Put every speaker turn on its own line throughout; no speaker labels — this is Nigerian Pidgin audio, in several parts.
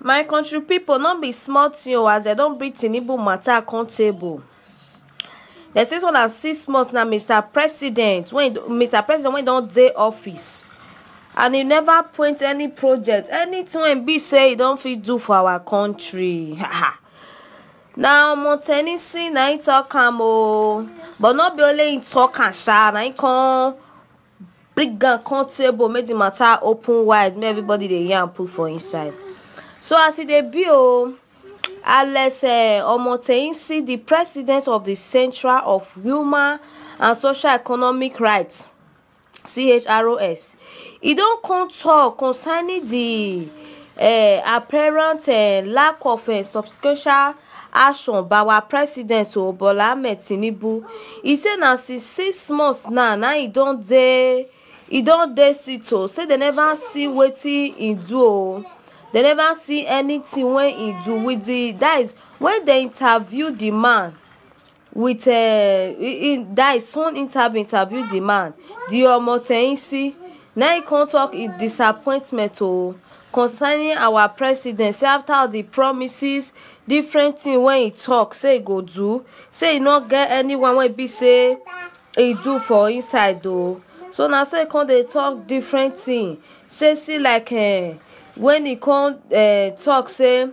my country people no be small tin o as dem don bring tinubu matter come table dem say one and six months na mr president when mr president wey don dey office and e never point any project anything wey be say e don fit do for our country na omo tennessee na im talk am o but no be only im talk am sha na im come bring am come table make the matter open wide make everybody dey yarn put for inside. So as e dey be o, oh, Alex um eh, Omotoyinsi, the president of the Central of Human and Social economic Rights (CHROS), e don come talk concerning the um apparent um lack of um substantial action by our president o oh, Bola Ahmed Tinubu. E say na since six months now na e don dey e don dey sit oh, say dey never see wetin e do o they never see anything when he do with the that is when they interview the man with uh, he, that is soon interview interview the man the ọmọ tẹ̀yìn sí now he come talk his disappointment o concerning our president after the promises different thing when he talk say he go do say he no get anyone when be say he do for inside o so now say he come dey talk different thing say see like. Uh, When he come uh, talk say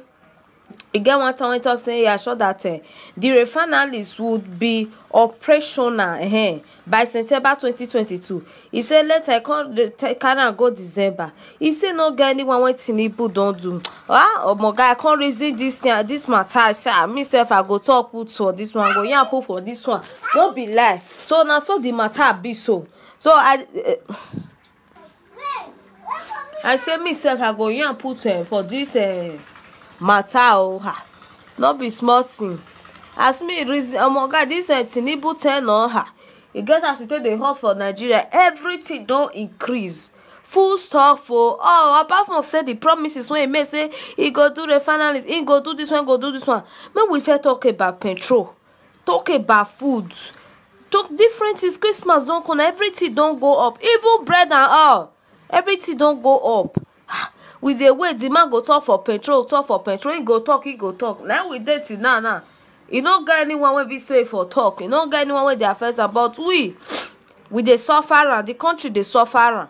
e get one time he talk say e assure that uh, eh, di refineries would be operational uh, by september 2022 e say later come carry am go december He say no get anyone wey tinubu don do ah omo guy i come reason this thing This matter i say ah me sef i go talk put for this one go yarn put for this one no be lie so na so the matter be so so i. Uh, i say me sef i go yarn put uh, for dis uh, eh, matter o oh, ha no be small thing as me reason omo guy dis uh, eh, tinubu ten on ha e get as e take dey hot for nigeria everything don increase full stop for oh. oh apart from say the promises wey e make say e go do refineries e go do this one go do this one make we first talk about petrol talk about food talk different things christmas don come everything don go up even bread and all everything don go up we dey wait the man go talk for petrol talk for petrol he go talk he go talk na we dey till now now e no get anyone wey be say for talk e no get anyone wey dey affect am but we we dey suffer am the country dey suffer am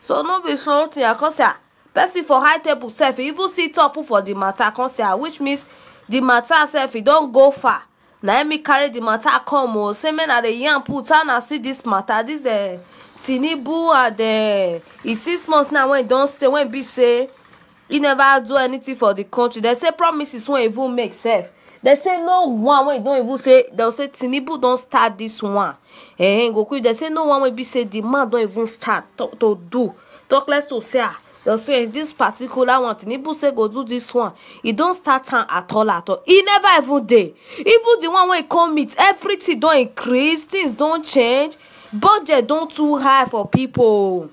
so no be small thing i come say ah person for high table sef even see top put for the matter come say ah which means the matter sef e don go far na me carry the matter come o oh. say make na dey yarn put how na see this matter this uh, Tinibu, and uh, e six months now When e don stay when be say e never do anything for the country They say promises wey even make sef They say no one when he don't even say dem say Tinibu don't start this one eh go quick They say no one when be say the man don't even start to to do talk less to say ah say in this particular one Tinibu say go do this one He don't start time at all at all He never even dey even the one when he come everything don't increase things don't change budget don't too high for people.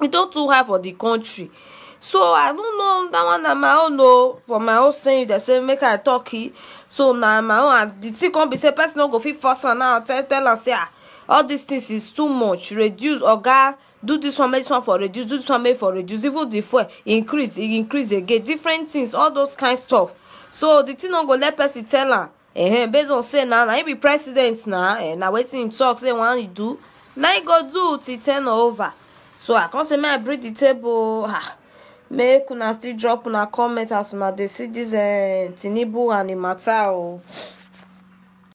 It don't too high for the country so i don't know that one na my own o for my own saying dem say make i talk e so na my own and di thing come be say person no go fit force am now tell tell am say ah all these things is too much reduce oga do this one make this one for reduce do this one make for reduce even the fuel increase e increase again different things all those kind stuff so the thing no go let person tell am ehem based on say na na im be president na eh, na wetin im tok say wan e do na im go do till turn over so i come say make i bring the table ah make una still drop una comment as una dey see dis eh, tinibu and im matter o. Oh.